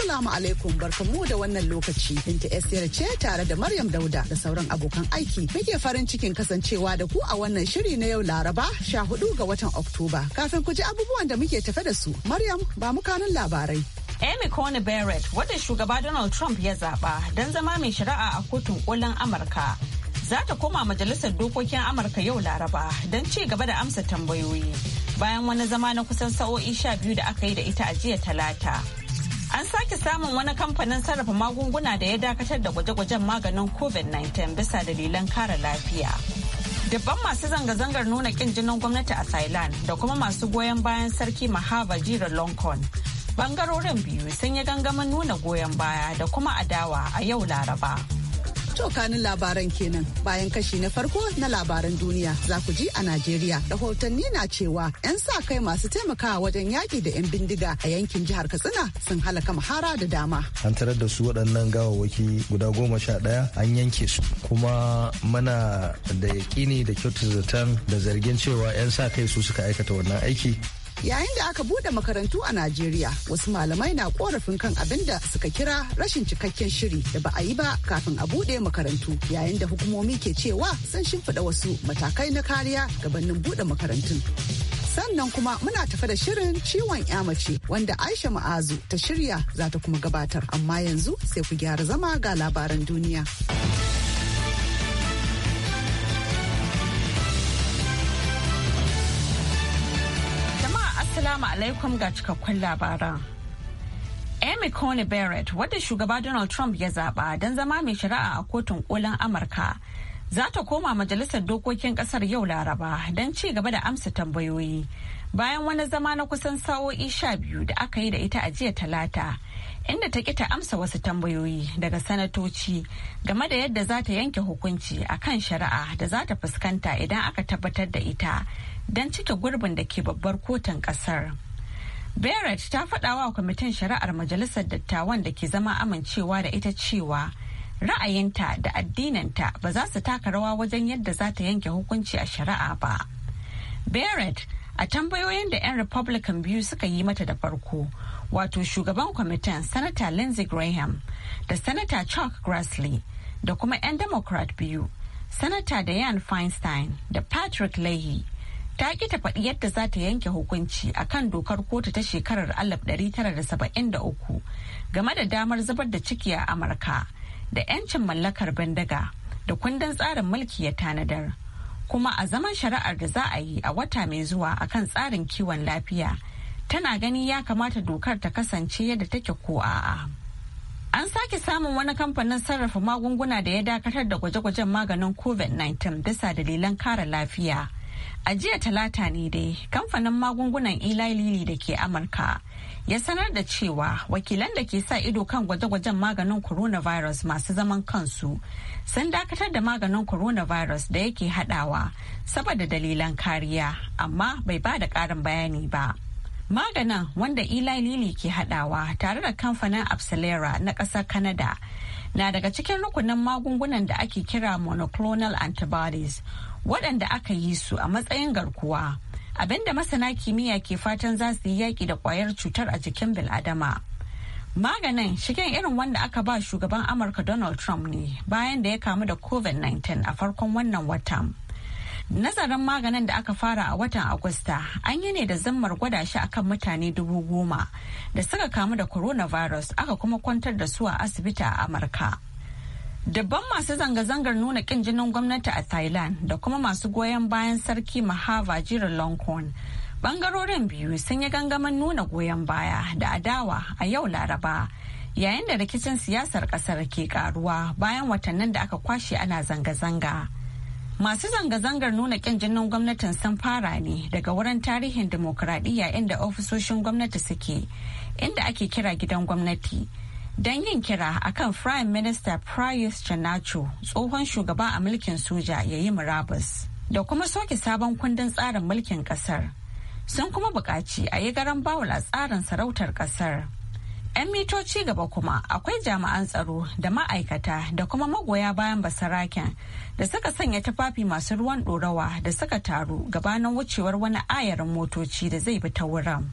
Assalamu alaikum barkanmu da wannan lokaci. Binta Esther ce tare da Maryam Dauda da sauran abokan aiki. Muke farin cikin kasancewa da ku a wannan shiri na yau Laraba 14 ga watan Oktoba. Kafin ku ji abubuwan da muke tafe da su, Maryam ba mu kanun labarai. Amy Coney Barrett, wadda shugaba Donald Trump ya zaba don zama mai shari'a a kotun kolin Amurka. Za ta koma majalisar dokokin Amurka yau Laraba don ci gaba da amsa tambayoyi. Bayan wani zama na kusan sa'o'i sha biyu da aka yi da ita a jiya talata. An sake samun wani kamfanin sarrafa magunguna da ya dakatar da gwaje-gwajen maganin COVID-19 bisa dalilan kare lafiya. Dabban masu zanga-zangar nuna kin jinin gwamnati a Thailand da kuma masu goyon bayan sarki Mahava Jira Longkorn. Bangarorin biyu sun yi gangamin nuna goyon baya da kuma adawa a yau Laraba. To kanin labaran kenan bayan kashi na farko na labaran duniya za ku ji a Najeriya. Rahotanni na cewa 'yan sa kai masu taimakawa wajen yaki da 'yan bindiga a yankin jihar Katsina sun halaka mahara da dama. An tarar da su waɗannan gawawwaki guda goma sha ɗaya an yanke su kuma mana da yaƙini da kyautu zaton da zargin cewa 'yan sa kai su suka aikata wannan aiki Yayin da aka bude makarantu a Najeriya, wasu malamai na korafin kan abin da suka kira rashin cikakken shiri da ba a yi ba kafin a bude makarantu yayin da hukumomi ke cewa sun shimfiɗa wasu matakai na kariya gabanin bude makarantun. sannan kuma muna tafa da shirin ciwon mace wanda aisha ma'azu ta shirya za ta kuma gabatar amma yanzu sai ku gyara zama ga labaran duniya. Assalamu alaikum ga cikakkun labaran. Amy Coney Barrett wadda shugaba Donald Trump ya zaba don zama mai shari'a a kotun kolin Amurka za ta koma majalisar dokokin kasar yau laraba don ci gaba da amsa tambayoyi bayan wani zama na kusan sa'o'i sha biyu da aka yi da ita a jiya talata inda ta ki ta amsa wasu tambayoyi daga sanatoci game da yadda za ta yanke hukunci a kan shari'a da za ta fuskanta idan aka tabbatar da ita don cike gurbin da ke babbar kotun kasar. Barrett ta faɗa wa kwamitin shari'ar majalisar dattawan da ke zama amincewa da ita cewa ra'ayinta da addinanta ba za su taka rawa wajen yadda za ta yanke hukunci a shari'a ba. Barrett a tambayoyin da 'yan Republican biyu suka yi mata da farko, wato shugaban kwamitin Sanata Lindsey Graham da Sanata Chuck Grassley da kuma 'yan Democrat biyu, Sanata Dianne Feinstein da Patrick Leahy ta ki ta faɗi yadda za ta yanke hukunci a kan dokar kotu ta shekarar 1973 game da damar zubar da ciki a amurka da 'yancin mallakar bindiga da kundin tsarin mulki ya tanadar kuma a zaman shari'ar da za a yi a wata mai zuwa a kan tsarin kiwon lafiya tana gani ya kamata dokar ta kasance yadda take ko a'a. An sake samun wani kamfanin sarrafa magunguna da ya dakatar da gwaje-gwajen maganin COVID-19 bisa dalilan kare lafiya. A jiya talata ne dai kamfanin magungunan Eli Lilly da ke Amurka ya sanar da cewa wakilan da ke sa ido kan gwaje-gwajen maganin coronavirus masu zaman kansu sun dakatar da maganin coronavirus da yake hadawa saboda dalilan kariya amma bai ba da karin bayani ba. Maganin wanda Eli Lilly ke hadawa tare da kamfanin Absalera na ƙasar Kanada. na daga cikin rukunin magungunan da ake kira monoclonal antibodies waɗanda aka yi su a matsayin garkuwa abinda masana kimiyya ke fatan za su yi yaƙi da ƙwayar cutar a jikin bil'adama maganin shigen irin wanda aka ba shugaban amurka donald trump ne bayan da ya kamu da covid-19 a farkon wannan watan Nazarin maganin da aka fara a watan Agusta an yi ne da zammar gwada shi akan mutane dubu goma da suka kamu da coronavirus aka kuma kwantar da su a asibiti a Amurka. Dabban masu zanga-zangar nuna kin jinin gwamnati a Thailand da kuma masu goyon bayan sarki Mahava Jiralongkorn. Bangarorin biyu sun yi gangamin nuna goyon baya da adawa a yau Laraba. Yayin da rikicin siyasar kasar ke karuwa bayan watannin da aka kwashe ana zanga-zanga. Masu zanga-zangar nuna ƙin jinin gwamnatin sun fara ne daga wurin tarihin demokuraɗiyya inda ofisoshin gwamnati suke, inda ake kira gidan gwamnati. Don yin kira akan Prime Minister Prius Janacho tsohon shugaba a mulkin soja ya yi murabus da kuma soke sabon kundin tsarin mulkin ƙasar. Sun kuma buƙaci a yi garan bawul a tsarin sarautar ƙasar. 'Yan mitoci gaba kuma akwai jami'an tsaro da ma'aikata da kuma magoya bayan basaraken da suka sanya tufafi masu ruwan ɗorawa da suka taru gabanin wucewar wani ayarin motoci da zai bi ta wurin.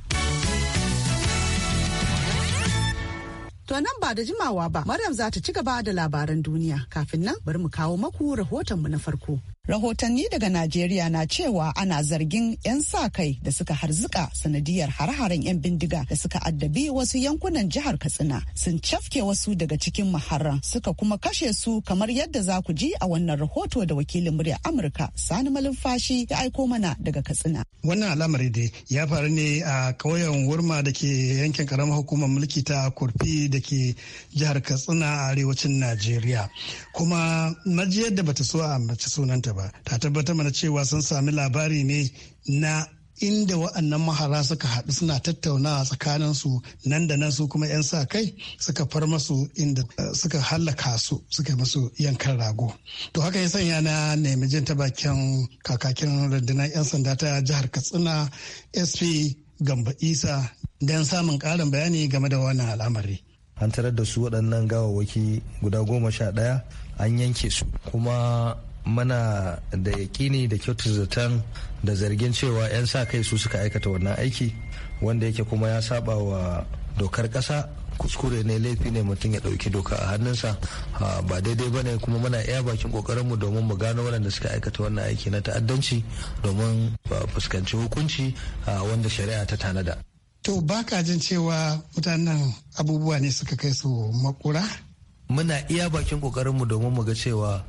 To nan ba da jimawa ba, Maryam za ta ci gaba da labaran duniya kafin nan bari mu kawo maku rahoton mu na farko. Rahotanni daga Najeriya na cewa ana zargin 'yan sa kai da suka harzuka sanadiyar har-haren 'yan bindiga da suka addabi wasu yankunan jihar Katsina sun cafke wasu daga cikin maharran suka kuma kashe su kamar yadda za ku ji a wannan rahoto da wakilin muryar Amurka Sani Malumfashi ya aiko mana daga Katsina. wannan al'amari dai ya faru ne a ƙauyen wurma da ke yankin karamar hukumar mulki ta kurfi da ke jihar katsina a arewacin najeriya kuma majiyar da bata so a mace sunanta ba ta tabbatar mana cewa sun sami labari ne na inda wa'annan mahara suka haɗu suna tattaunawa tsakanin su nan da nan su kuma 'yan sa kai suka far masu inda eh, suka hallaka su suka yi masu yankan rago to haka ya sanya na nemi jin ta bakin kakakin rundunar 'yan sanda ta jihar katsina sp gamba isa don samun ƙarin bayani game da wannan al'amari an tarar da su waɗannan gawawwaki guda goma sha ɗaya an yanke su kuma mana da yakini da kyautar zaton da zargin cewa 'yan sa kai su suka aikata wannan aiki wanda yake kuma ya saba wa dokar ƙasa kuskure ne laifi ne mutum ya ɗauki doka a hannunsa ba daidai ba ne kuma muna iya bakin ƙoƙarinmu domin mu gano waɗanda suka aikata wannan aiki na ta'addanci domin uh, fuskanci hukunci uh, wanda shari'a ta tanada. To ba ka jin cewa mutanen abubuwa ne suka kai su makura? Muna iya bakin ƙoƙarinmu domin mu ga cewa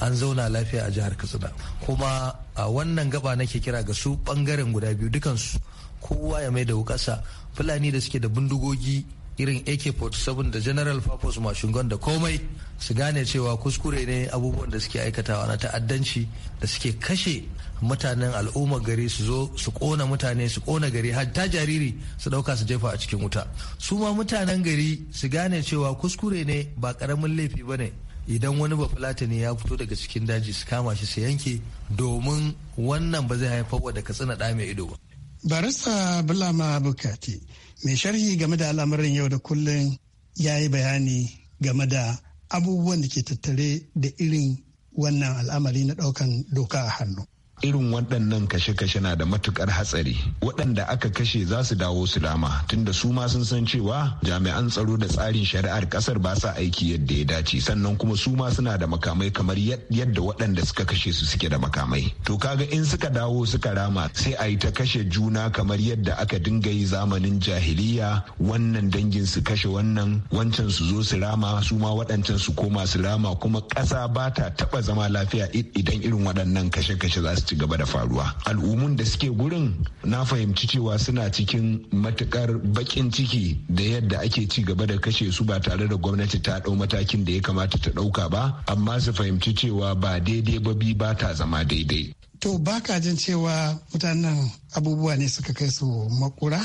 an zauna lafiya a jihar katsina kuma a wannan gaba nake kira ga su bangaren guda biyu dukansu kowa ya mai da wukasa fulani da suke da bindigogi irin ak-47 da general purpose machine gun da komai su gane cewa kuskure ne abubuwan da suke aikatawa na ta'addanci da suke kashe mutanen al'ummar gari su zo su kona mutane su kona gari hatta jariri su dauka su jefa a cikin wuta su ma mutanen gari su gane cewa kuskure ne ba karamin laifi ba ne idan wani bafulata ne ya fito daga cikin daji su kama shi su yanke domin wannan ba zai haifar wa da katsina ɗa mai ido ba. barista bulama bukati mai sharhi game da al'amarin yau da kullum ya yi bayani game da abubuwan da ke tattare da irin wannan al'amari na ɗaukan doka a hannu irin waɗannan kashe-kashe na da matukar hatsari waɗanda aka kashe za su dawo su dama tunda su ma sun san cewa jami'an tsaro da tsarin shari'ar ƙasar ba sa aiki yadda ya dace sannan kuma su ma suna da makamai kamar yadda waɗanda suka kashe su suke da makamai to kaga in suka dawo suka rama sai a yi ta kashe juna kamar yadda aka dinga yi zamanin jahiliya wannan dangin su kashe wannan wancan su zo su rama su ma waɗancan su koma su rama kuma ƙasa ba ta taɓa zama lafiya idan irin waɗannan kashe-kashe za su ci gaba da faruwa al'umun da suke gurin na fahimci cewa suna cikin matukar bakin ciki da yadda ake ci gaba da kashe su ba tare da gwamnati ta ɗau matakin da ya kamata ta ɗauka ba amma su fahimci cewa ba daidai ba bi ba ta zama daidai to baka jin cewa mutanen abubuwa ne suka kai su makura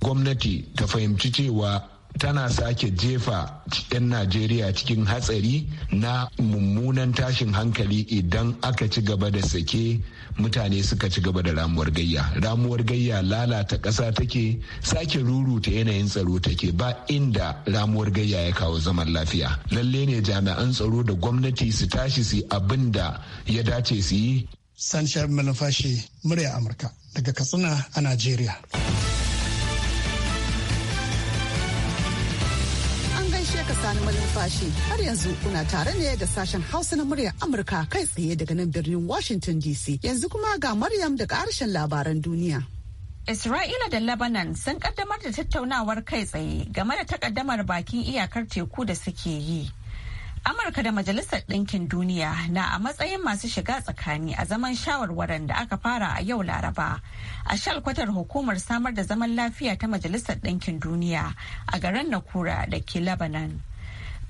gwamnati ta fahimci cewa tana sake jefa 'yan najeriya cikin hatsari na mummunan tashin hankali idan aka ci gaba da sake mutane suka ci gaba da ramuwar gayya ramuwar gayya lalata ƙasa take sake ruruta yanayin tsaro take ba inda ramuwar gayya ya kawo zaman lafiya lalle ne jami'an tsaro da gwamnati su tashi su abin da ya dace su yi sanshar murya amurka daga katsina a najeriya fashi har yanzu kuna tare ne da sashen hausa na muryar amurka kai tsaye daga nan birnin washington dc yanzu kuma ga maryam da karshen labaran duniya Isra'ila da Lebanon sun kaddamar da tattaunawar kai tsaye game da takaddamar bakin iyakar teku da suke yi. Amurka da Majalisar Ɗinkin Duniya na a matsayin masu shiga tsakani a zaman shawarwaran da aka fara a yau Laraba a shalkwatar hukumar samar da zaman lafiya ta Majalisar Ɗinkin Duniya a garin Nakura da ke Lebanon.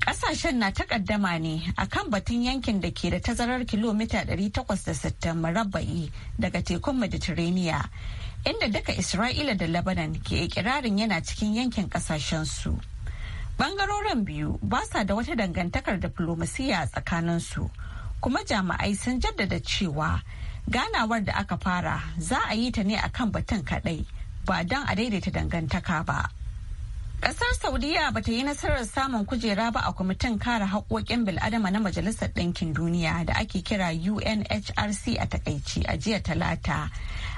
Ƙasashen na takaddama ne a kan batun yankin da ke da tazarar kilomita 860 marabbai daga tekun Mediterania, inda duka Isra'ila da Lebanon ke ikirarin yana cikin yankin su. Bangarorin biyu ba sa da wata dangantakar diflomasiyya a su. kuma jami'ai sun jaddada cewa ganawar da aka fara za a yi ta ne a kan batun kaɗai, ba don a daidaita dangantaka ba. Ƙasar Saudiya ba ta yi nasarar samun kujera ba a kwamitin kare haƙoƙin bil'adama na Majalisar Ɗinkin Duniya da ake kira UNHRC a takaici a jiya talata.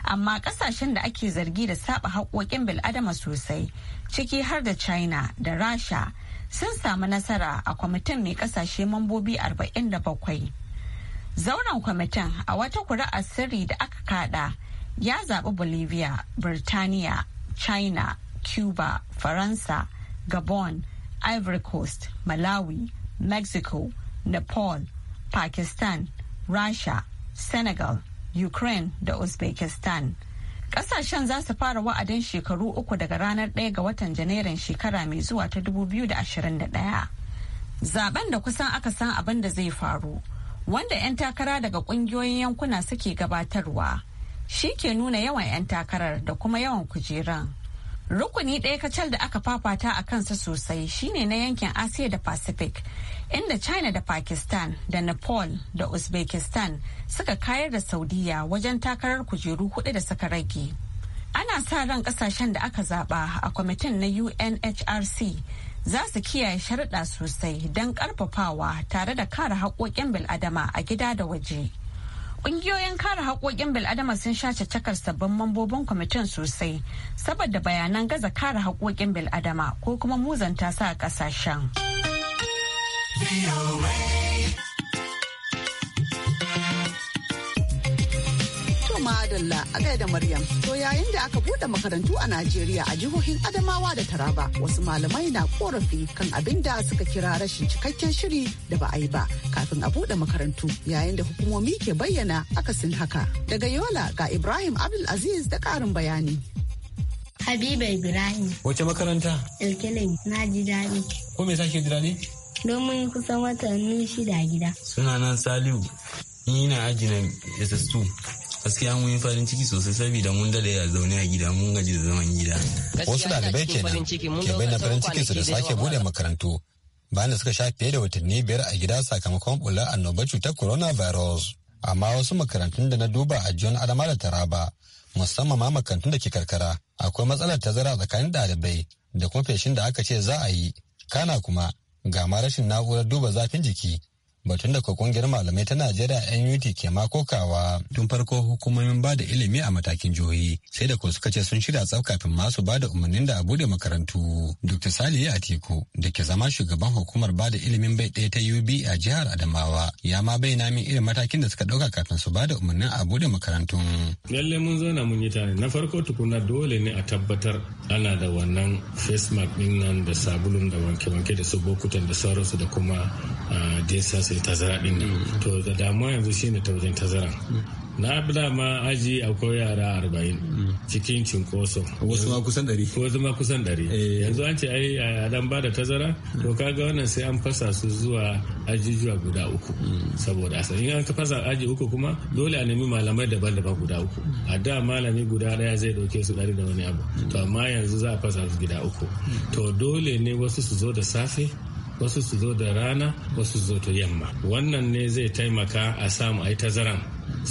Amma ƙasashen da ake zargi da saba haƙoƙin bil'adama sosai, ciki har da China da Rasha, sun samu nasara a kwamitin mai ƙasashe mambobi 47. Zauren kwamitin a wata kuri'ar sirri da aka kada ya zaɓi Bolivia, Birtaniya, China, cuba faransa gabon ivory coast malawi mexico nepal pakistan Russia, senegal ukraine da uzbekistan Kasashen za su fara wa'adin shekaru uku daga ranar ɗaya ga watan Janairun shekara mai zuwa ta 2021. Zaben da kusan aka san abin da zai faru, wanda 'yan takara daga ƙungiyoyin yankuna suke gabatarwa, shi ke nuna yawan 'yan takarar da kuma yawan kujeran. rukuni ɗaya kacal da aka fafata a kansa sosai shine na yankin asiya da pacific inda china da pakistan da nepal da uzbekistan suka kayar da saudiya wajen takarar kujeru hudu da suka rage ana sa ran kasashen da aka zaba a kwamitin na unhrc za su kiyaye sharaɗa sosai don ƙarfafawa tare da kare haƙoƙin bil'adama a gida da waje. Ƙungiyoyin kare haƙoƙin bil'adama sun sha caccakar sabbin mambobin kwamitin sosai saboda bayanan gaza kare haƙoƙin bil'adama ko kuma muzanta sa a ƙasashen. Adalla a gaida Maryam. To yayin da aka bude makarantu a Najeriya a jihohin Adamawa da Taraba wasu malamai na korafi kan abin da suka kira rashin cikakken shiri da ba a yi ba kafin a bude makarantu yayin da hukumomi ke bayyana akasin haka. Daga Yola ga Ibrahim Abdul Aziz da karin bayani. Habiba Ibrahim. Wace makaranta? Ilkilin na ji daɗi. Ko me sake ji daɗi? Domin kusan watanni shida gida. Suna nan Saliu. Ni na aji SS2. gaskiya mun yi farin ciki sosai saboda mun dade a zaune a gida mun gaji da zaman gida wasu dalibai kenan ke bayyana farin ciki su da sake bude makarantu bayan da suka sha fiye da watanni biyar a gida sakamakon bular annobar cutar coronavirus amma wasu makarantun da na duba a john adama da taraba musamman ma makarantun da ke karkara akwai matsalar tazara tsakanin ɗalibai da kuma feshin da aka ce za a yi kana kuma gama rashin na'urar duba zafin jiki batun da kungiyar malamai ta najeriya nut ke makokawa tun farko hukumomin ba da ilimi a matakin jihohi sai da ko suka ce sun shirya tsaf kafin masu ba da umarnin da a bude makarantu dr saliya atiku da ke zama shugaban hukumar ba da ilimin bai ɗaya ta ub a jihar adamawa ya ma bayyana min irin matakin da suka ɗauka kafin su ba da umarnin a bude makarantu lallai mun zauna mun yi tare na farko tukuna dole ne a tabbatar ana da wannan face mask ɗin nan da sabulun da wanke-wanke da su bokutan da sauransu da kuma ah, dinsasa mai tazara din mm. to da damuwa yanzu shine ta tazara mm. na dama aji akwai yara arba'in mm. cikin cinkoso wasu ma kusan ɗari wasu ma kusan ɗari eh. yanzu an ce ai a dan ba da tazara to kaga wannan sai an fasa su zuwa ajijuwa guda uku saboda asa in an fasa aji uku kuma dole a nemi malamai daban-daban guda uku a da malami guda ɗaya zai ɗauke su ɗari da wani abu to amma yanzu za a fasa su gida uku to dole ne wasu su zo da safe wasu su zo da rana wasu zo ta yamma wannan ne zai taimaka a samu a yi tazaran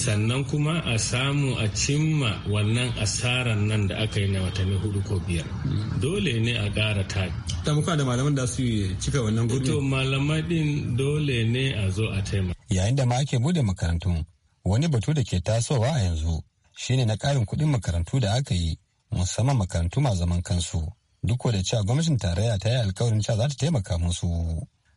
sannan kuma a samu a cimma wannan asaran nan da aka yi na watanni hudu ko biyar dole ne a ƙara ta tabuka da malaman da su cika wannan gurbin to malamai din dole ne a zo a taimaka yayin da ma ake bude makarantu wani batu da ke tasowa a yanzu shine na ƙarin kuɗin makarantu da aka yi musamman makarantu ma zaman kansu duk da cewa gwamnatin tarayya ta yi alkawarin cewa za ta taimaka musu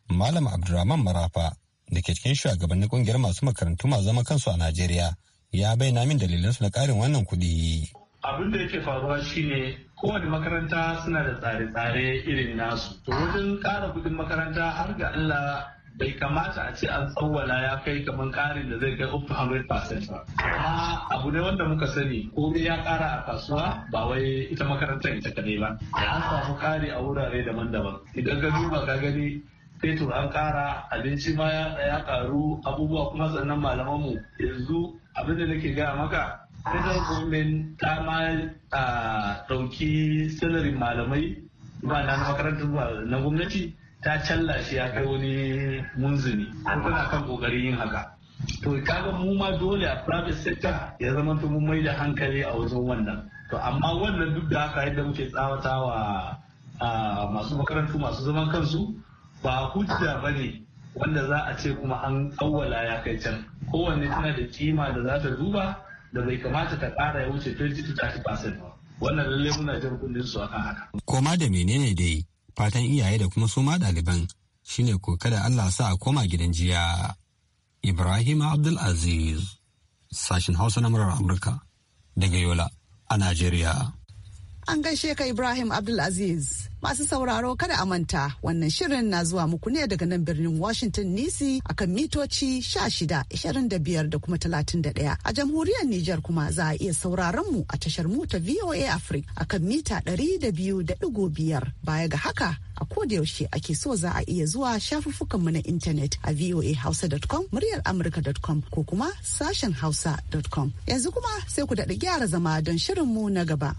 malam abdulrahman marafa da ke cikin shugabannin kungiyar masu makarantu masu zama kansu a najeriya ya bayyana min dalilan su na karin wannan kuɗi. abin da yake faruwa shine kowane makaranta suna da tsare-tsare irin nasu to wajen ƙara kuɗin makaranta har ga allah bai kamata a ce an tsawwala ya kai kamar karin da zai kai up to 100% ba. Amma abu ne wanda muka sani ko dai ya kara a kasuwa ba wai ita makarantar ita kadai ba. An samu kari a wurare daban-daban. Idan ka duba ka gani fetur an kara abinci ma ya karu abubuwa kuma sannan mu yanzu abin da nake gaya maka federal government ta ma ah, ɗauki salarin malamai ba na makarantar na gwamnati ta challa shi ya kai wani munzuni an tana kan kokarin yin haka to kaga mu ma dole a private sector ya zama mun mai da hankali a wajen wannan to amma wannan duk da haka yadda muke tsawatawa a masu makarantu masu zaman kansu ba hujja ba ne wanda za a ce kuma an awwala ya kai can kowanne tana da kima da za ta duba da bai kamata ta kara ya wuce 20 to 30 percent ba wannan lallai muna jin kundin su akan haka koma da menene dai fatan iyaye da kuma suma ɗaliban shine ko kada Allah sa a koma gidan jiya. Ibrahim Abdulaziz, sashen Hausa na murar Amurka, daga Yola a Najeriya. An gaishe ka Ibrahim Abdulaziz. Masu sauraro kada a manta wannan shirin na zuwa muku ne daga nan birnin Washington DC akan mitoci 16, 25 da kuma 31. A jamhuriyar Nijar kuma za a iya sauraron mu a tashar mu ta VOA Africa akan mita 200.5. Baya ga haka a yaushe ake so za a iya zuwa shafuffukanmu na intanet a voahausa.com muryar amurka.com ko kuma sashen hausa.com yanzu kuma sai ku daɗa gyara zama don shirin mu na gaba.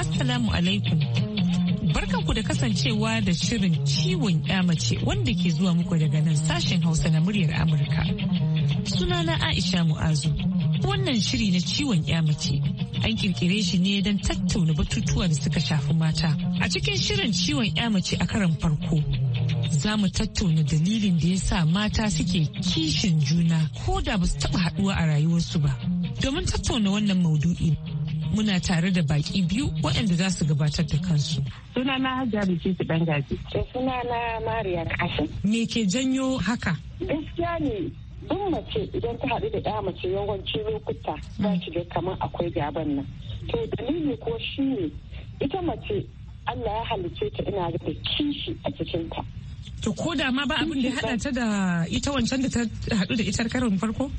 Assalamu alaikum. Barkanku da kasancewa da shirin ciwon mace wanda ke zuwa muku daga nan sashen Hausa na muryar Amurka. Sunana Aisha Mu'azu. Wannan shiri na ciwon mace an kirkire shi ne don tattauna batutuwa da suka shafi mata. A cikin shirin ciwon mace a karan farko, za mu tattauna dalilin da ya sa mata suke kishin juna ko da ba su taɓa haɗuwa a rayuwarsu ba. Domin tattauna wannan maudu'i muna tare da baƙi biyu waɗanda za su gabatar da kansu. Suna na su ɗan Kisu Suna na Mariya Kashin. Me ke janyo haka? Gaskiya ne duk mace idan ta haɗu da ɗa mace yawanci lokuta za ki da kamar akwai gaban nan. To dalili ko shi ne ita mace Allah ya halicce ta ina da kishi a cikinta. To ko da ma ba abin da haɗa ta da ita wancan da ta haɗu da ita karin farko?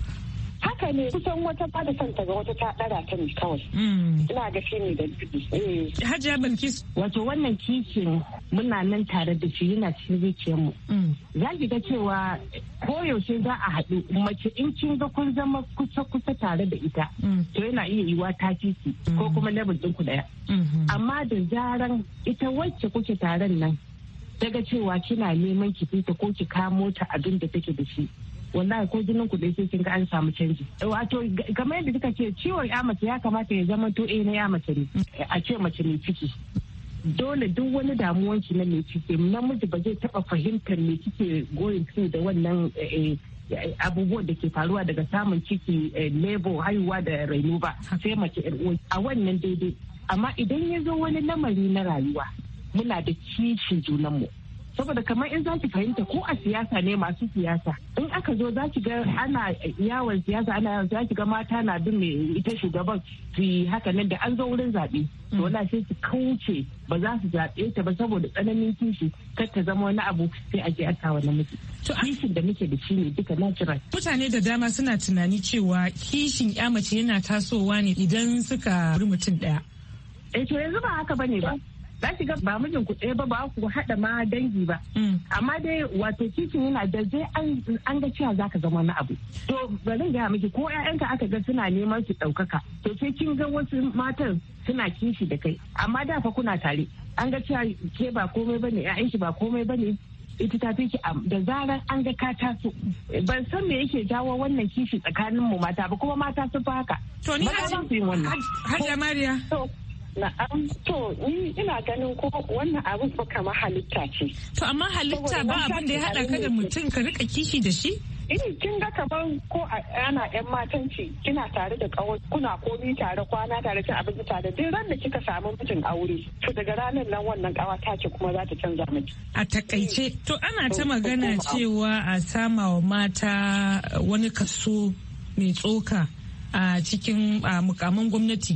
haka ne kusan wata ba da santa ga wata ta dara ta ne kawai. Hmm. Ina ga shi ne da dubi. Eh. Hajiya Bilkis. Wato wannan kishin muna nan tare da shi yana cikin zuciyarmu. Hmm. Za ki ga cewa koyaushe za a haɗu mace in kin ga kun zama kusa kusa tare da ita. Hmm. To yana iya yiwa ta kiki ko kuma lebur ɗin ku ɗaya. Amma da zaran ita wacce kuke taron nan daga cewa kina neman ki fita ko ki kamo mota abin da take da shi wallahi ko jinin ku sai kin ga an samu canji wato kamar yadda kika ce ciwon ya mace ya kamata ya zama to eh na ya mace ne a ce mace ne ciki dole duk wani damuwan ki na mai ciki namiji ba zai taba fahimtar me kike going through da wannan eh, eh, abubuwan da ke faruwa daga samun ciki eh, labor haihuwa da raino ba sai mace a wannan daidai amma idan ya zo wani lamari na rayuwa muna da kishin mu saboda kamar in za ki fahimta ko a siyasa ne masu siyasa in aka zo za ki ga ana yawon siyasa ana yawon za ki ga mata na bin mai ita shugaban su yi haka nan da an zo wurin zaɓe to na mm. sai su kauce ba za su zaɓe ta ba saboda tsananin kishi kar ta zama wani abu sai a je a kawo kishin da muke da shi ne duka natural mutane da dama suna tunani cewa kishin ya mace yana tasowa ne idan suka mutum ɗaya. Eh to yanzu ba haka bane ba. za ki ga ba mijin ku ɗaya ba ba ku haɗa ma dangi ba mm. amma dai wato kicin yana da zai an ga cewa za ka zama na abu to bari ga miki ko ƴaƴanka aka ga suna neman su ɗaukaka to sai kin ga wasu matan suna kishi da kai amma da fa kuna tare an ga cewa ke ba komai ba ne ƴaƴanki ba komai ba ne ita ta fi da zarar an ga ka taso ban san me yake jawo wannan kishi tsakanin mu mata ba kuma mata sun fi haka to ni hajiya mariya Na'am to ina ganin ko wannan abin halitta ce. To amma halitta ba abin da ya haɗa ka da mutum ka rika kishi da shi? in eh, kin ga kamar ko ana yan matan matanci kina tare da kawo kuna komi tare kwana tare cin abinci tare duk ran da kika samu mijin aure to daga ranar nan wannan kawa ta ce kuma za ta canza miki a takaice to ana ta magana cewa a sama wa mata wani kaso mai tsoka a cikin mukamin gwamnati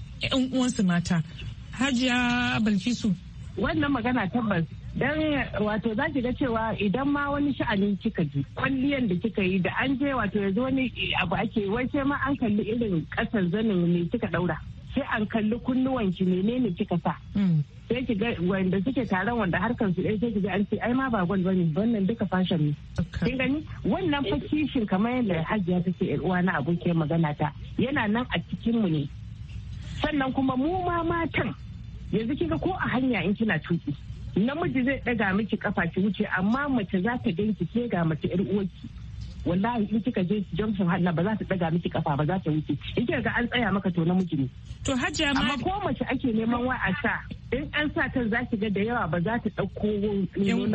'yan uwansu mata hajiya balkisu wannan magana tabbas dan wato za ki ga cewa idan ma wani sha'ani kika ji kwalliyan da kika yi da an je wato zo wani abu ake wai sai ma an kalli irin kasar zanin ne kika daura sai an kalli kunnuwan ki menene kika sa hmm. sai ki ga wanda suke taron wanda harkar su ɗaya sai ki ga an ce ai ma ba gwal bane wannan duka fashion ne kin gani wannan fa kishin kamar yadda hajiya take uwa na abokiyar magana ta yana nan a cikin mu ne sannan kuma mu ma matan yanzu kika ko a hanya in kina tuki namiji zai daga miki kafa ki wuce amma mace za ta ganki ke ga mace yar uwarki wallahi in kika je Johnson hannu ba za ta daga miki kafa ba za ta wuce in kika ga an tsaya maka to namiji ne to hajja ma amma ko mace ake neman wa a sa in an sa ta za ki ga da yawa ba za ta dauko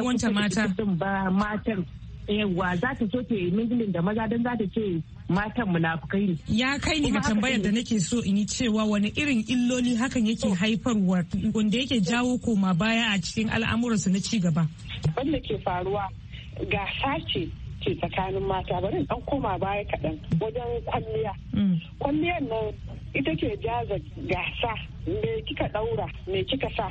wani mata ba matan yawa za ta so ta yi mingilin da maza don za ta ce matan munafukai ne. Ya kai ni ga tambayar da nake so in yi cewa wani irin illoli hakan yake haifarwa wanda yake jawo koma baya a cikin al'amuransu na ci gaba. Wanda ke faruwa ga sace ke tsakanin mata bari dan koma baya kaɗan wajen kwalliya. Mm. Kwalliyar nan ita ke jaza gasa me kika ɗaura me kika sa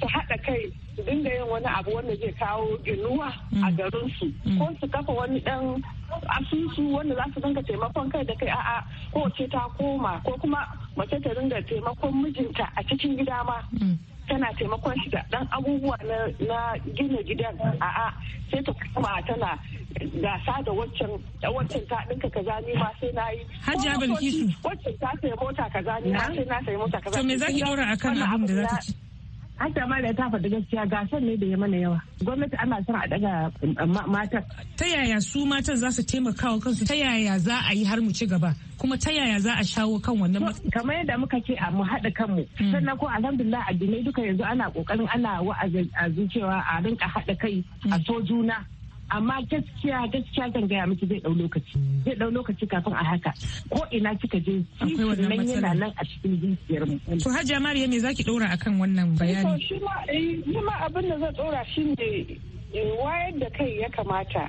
su haɗa kai dinga yin wani abu wanda zai kawo inuwa a mm. garinsu mm. ko su kafa wani ɗan asusu wanda za su dinga taimakon kai da kai a'a ko ce ta koma ko kuma mace ta dinga taimakon mijinta a cikin gida ma mm. tana taimakon shi da dan abubuwa na gina gidan a'a sai ta kuma tana gasa da waccan waccan ta dinka kaza ni ma sai na yi hajjia bilkisu waccan ta sai mota kaza ni ma sai na sai mota kaza to me zaki daura akan abin da za ta ci Aisha da ta faɗi gaskiya gasar ne da ya mana yawa. Gwamnati ana son a daga matan. Ta yaya su matan za su taimaka wa kansu ta yaya za a yi har mu ci gaba kuma ta yaya za a shawo kan wannan Kamar yadda muka ce a mu haɗa kanmu. Hmm. Sannan ko alhamdulillah addinai duka yanzu ana ƙoƙarin ana wa'azin cewa a rinka haɗa kai a so juna. amma gaskiya gaskiya zan gaya miki zai dau lokaci zai dau lokaci kafin a haka ko ina kika je kishin nan yana nan a cikin zuciyar mu to hajiya mariya me zaki dora akan wannan eh, bayani shi ma eh, ni ma abin da zan daura shine eh, wayar da kai ya kamata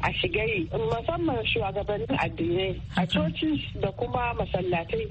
a shiga musamman shugabannin addinai a coci da kuma masallatai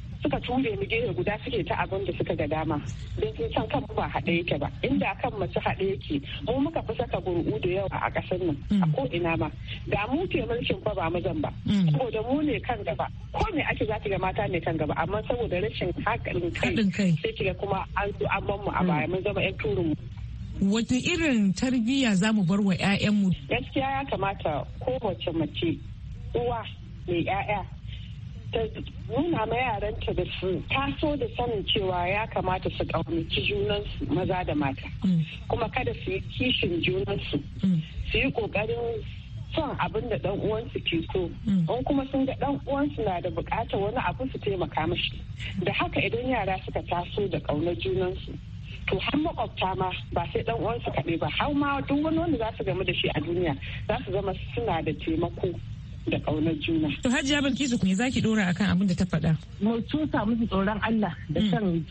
suka ture mu gehe guda suke ta abin da suka ga dama don sun san kan ba haɗe yake ba inda kan mace haɗe yake mu muka fi saka gurgu da yawa a ƙasar nan a mm. ko ina ma da mu ke mulkin ba ba mazan ba mm. saboda mu ne kan gaba ko me ake zaki ki ga mata ne kan gaba amma saboda rashin haƙarin kai sai ki ga kuma an zo an mu a baya mun zama 'yan turin mu wata irin tarbiyya za mu bar wa 'ya'yanmu? gaskiya ya kamata kowace mace uwa mai 'ya'ya ta nuna ma yaranta da su taso da sanin cewa ya kamata su ƙaunaci junansu maza da mata mm. kuma kada su yi kishin junansu mm. su yi ƙoƙarin son abin da dan uwansu ke so mm. in kuma sun ga dan uwansu na da bukatar wani abu su taimaka mashi da haka idan yara suka taso da ƙaunar junansu to har makwabta ma ba sai dan uwansu kaɗai ba har ma duk wani wanda za su gamu da shi a duniya za su zama suna da taimako da ƙaunar juna. To Hajiya Bilkisu me zaki dora akan abin da ta faɗa? Mu tusa musu tsoron Allah da san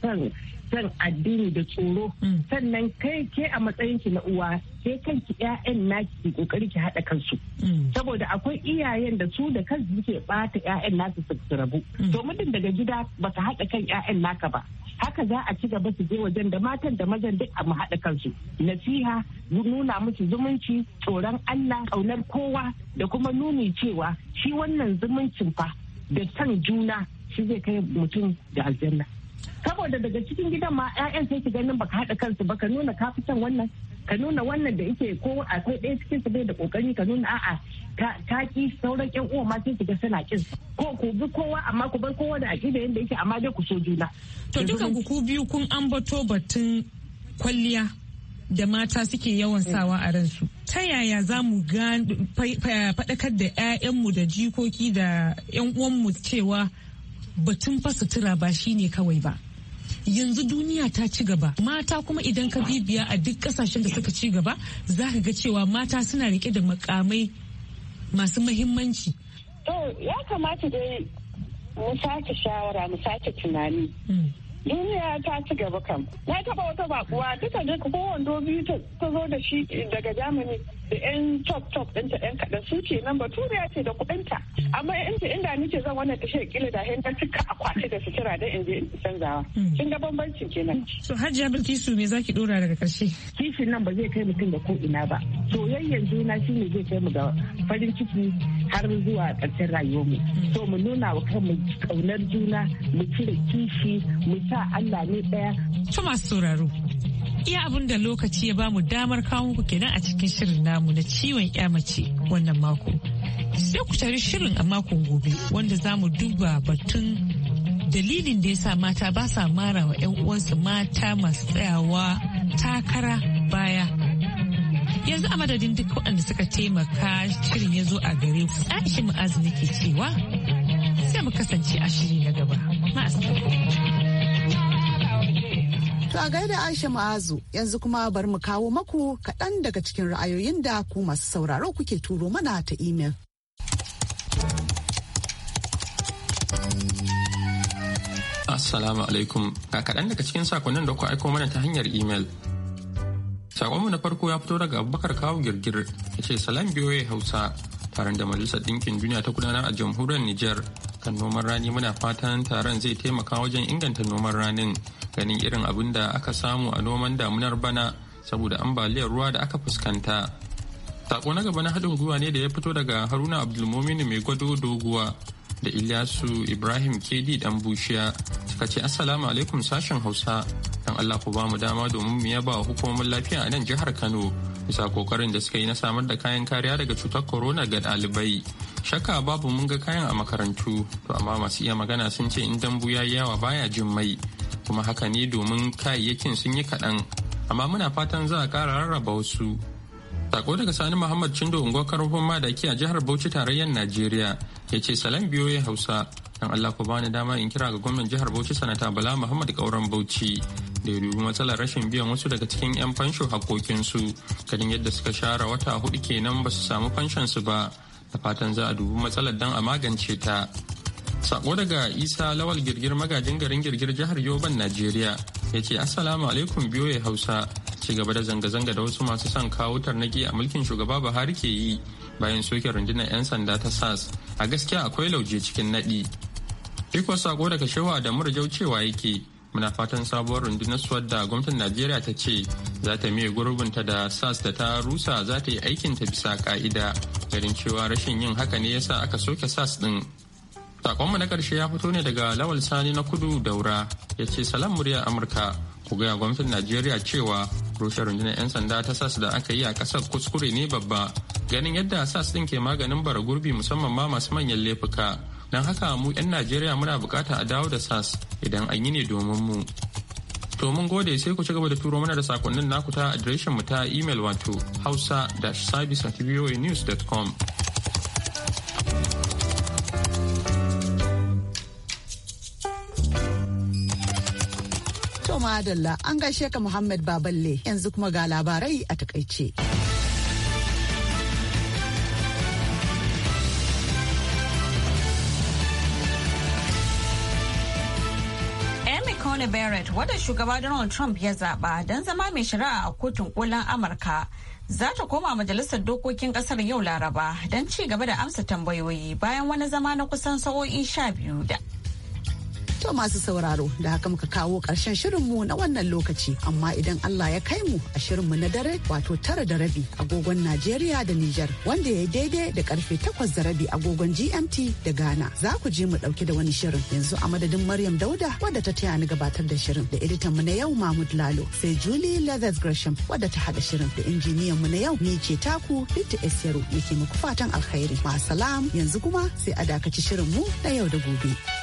san zan addini da tsoro mm. sannan kai ke a matsayin ki na uwa ke ki ƴaƴan naki ki kokari ki haɗa kansu mm. saboda akwai iyayen da su da kansu suke bata ƴaƴan nasu su rabu mm. to mutum daga gida baka haɗa kan ƴaƴan naka ba haka za a ci gaba su je wajen da matan da mazan duk a mu haɗa kansu nasiha nuna musu zumunci tsoron Allah ƙaunar kowa da kuma nuni cewa shi wannan zumuncin fa da san juna shi zai kai mutum da aljanna saboda daga cikin gidan ma 'ya'yan sai ki ganin baka haɗa kansu ba ka nuna ka fi wannan ka nuna wannan da yake ko akwai ɗaya cikin su bai da kokari ka nuna a'a ta ki sauran ƴan uwa ma sai ga suna kin ko ku bi kowa amma ku bar kowa da aqida yanda yake amma dai ku so juna to dukan ku ku biyu kun ambato batun kwalliya da mata suke yawan sawa a ransu ta yaya za mu faɗakar da 'ya'yanmu da jikoki da 'yan uwanmu cewa batun fasutura ba shine kawai ba yanzu duniya ta ci gaba mata kuma idan ka bibiya a duk kasashen da suka ci gaba za ka ga cewa mata suna rike da makamai masu mahimmanci to ya kamata dai mu sake shawara mu sake tunani hmm. duniya ta ci gaba kam na taba wata bakuwa duka duka ko biyu ta zo da shi daga jamani da yan top top ɗinta yan kaɗan su ce nan baturiya ce da kuɗinta amma yan ta inda ni ce zan wannan ta kila da hen cika kwace da sutura da in je in canzawa hmm. kin ga bambancin kenan so hajiya bilkisu me zaki dora daga karshe kishin nan ba zai kai mutum da ko ina ba soyayyen juna shine zai kai mu ga farin ciki har zuwa ƙarshen mu so mu nuna wa kanmu ƙaunar juna mu cire kishi mu sa Allah ne ɗaya. To masu sauraro Iya abin da lokaci ya bamu damar kawo muku kenan a cikin shirin namu na ciwon mace wannan mako. Sai ku tare shirin a makon gobe wanda zamu duba batun dalilin da ya sa mata ba sa mara wa 'yan uwansu mata masu tsayawa takara baya yanzu a madadin duk waɗanda suka taimaka shirin ya zo a gare ku aisha mu'azu nake cewa sai mu kasance a shiri na gaba To a gaida Aisha Ma'azu yanzu kuma bari mu kawo maku kaɗan daga cikin ra'ayoyin da ku masu sauraro kuke turo mana ta imel. Assalamu alaikum ga kaɗan daga cikin sakonnin da ku aiko mana ta hanyar imel. Sakonmu na farko ya fito daga Abubakar Kawu Girgir ya ce salam biyoye Hausa taron da Majalisar Ɗinkin Duniya ta gudanar a jamhuriyar Nijar kan noman rani muna fatan taron zai taimaka wajen inganta noman ranin ganin irin abin da aka samu a noman damunar bana saboda ambaliyar ruwa da aka fuskanta. Sako na gaba na haɗin gwiwa ne da ya fito daga Haruna Abdulmominu mai gwado doguwa da Ilyasu Ibrahim Kedi dan Bushiya suka ce Assalamu alaikum sashen Hausa dan Allah ku ba mu dama domin mu yaba hukumomin lafiya a nan jihar Kano bisa kokarin da suka yi na samar da kayan kariya daga cutar corona ga ɗalibai. Shakka babu mun ga kayan a makarantu to amma masu iya magana sun ce in dambu ya yawa baya jin mai kuma haka ne domin kayayyakin sun yi kaɗan amma muna fatan za a ƙara rarraba wasu Sako daga Sani Muhammad cindo unguwar karfin madaki a jihar Bauchi tarayyar Najeriya ya ce salam biyoyi Hausa don Allah ku bani dama in kira ga gwamnan jihar Bauchi sanata Bala Muhammad Kauran Bauchi da ya dubi matsalar rashin biyan wasu daga cikin 'yan fansho hakokinsu kadin yadda suka share wata hudu kenan ba su samu fanshon su ba da fatan za a dubi matsalar dan a magance ta. Sako daga Isa Lawal Girgir magajin garin Girgir jihar Yoban Najeriya ya ce Assalamu alaikum biyoye Hausa ci gaba da zanga-zanga da wasu masu son kawo tarnaki a mulkin shugaba Buhari ke yi bayan soke rundunar 'yan sanda ta SAS a gaskiya akwai lauje cikin naɗi. ikon sako daga shewa da Murjau cewa yake muna fatan sabuwar rundunar SWAT da gwamnatin Najeriya ta ce za ta miye gurbinta da SAS da ta rusa za ta yi aikin ta bisa ka'ida garin cewa rashin yin haka ne yasa aka soke SAS din. Sakonmu na ƙarshe ya fito ne daga Lawal Sani na Kudu Daura ya ce salam murya Amurka ku gaya gwamnatin Najeriya cewa rushe rundunar 'yan sanda ta SAS da aka yi a ƙasar kuskure ne babba ganin yadda SAS ɗin ke maganin bara gurbi musamman ma masu manyan laifuka. Don haka mu 'yan Najeriya muna bukata a dawo da SAS idan an yi ne domin mu. To mun gode sai ku ci gaba da turo mana da sakonnin naku ta adireshin mu ta email wato hausa-service at Adalla an gaishe ka Muhammad Baballe yanzu kuma ga labarai a takaice. Barrett wadda shugaba Donald Trump ya zaba don zama mai shari'a a kotun kolin Amurka za ta koma majalisar dokokin kasar yau Laraba don ci gaba da amsa tambayoyi bayan wani zama na kusan sa'o'i sha biyu da To masu sauraro da haka muka kawo ƙarshen shirinmu na wannan lokaci amma idan Allah ya kai mu a shirinmu na dare wato tara da rabi agogon Najeriya da Nijar wanda ya daidai da karfe takwas da rabi agogon GMT da Ghana za ku je mu ɗauki da wani shirin yanzu a madadin Maryam Dauda wadda ta taya ni gabatar da shirin da editan mu na yau Mahmud Lalo sai Julie Leathers Gresham wadda ta haɗa shirin da injiniyan mu na yau ni ce taku Binta Esiyaro yake muku fatan alkhairi. Ma salam yanzu kuma sai a dakaci shirinmu na yau da gobe.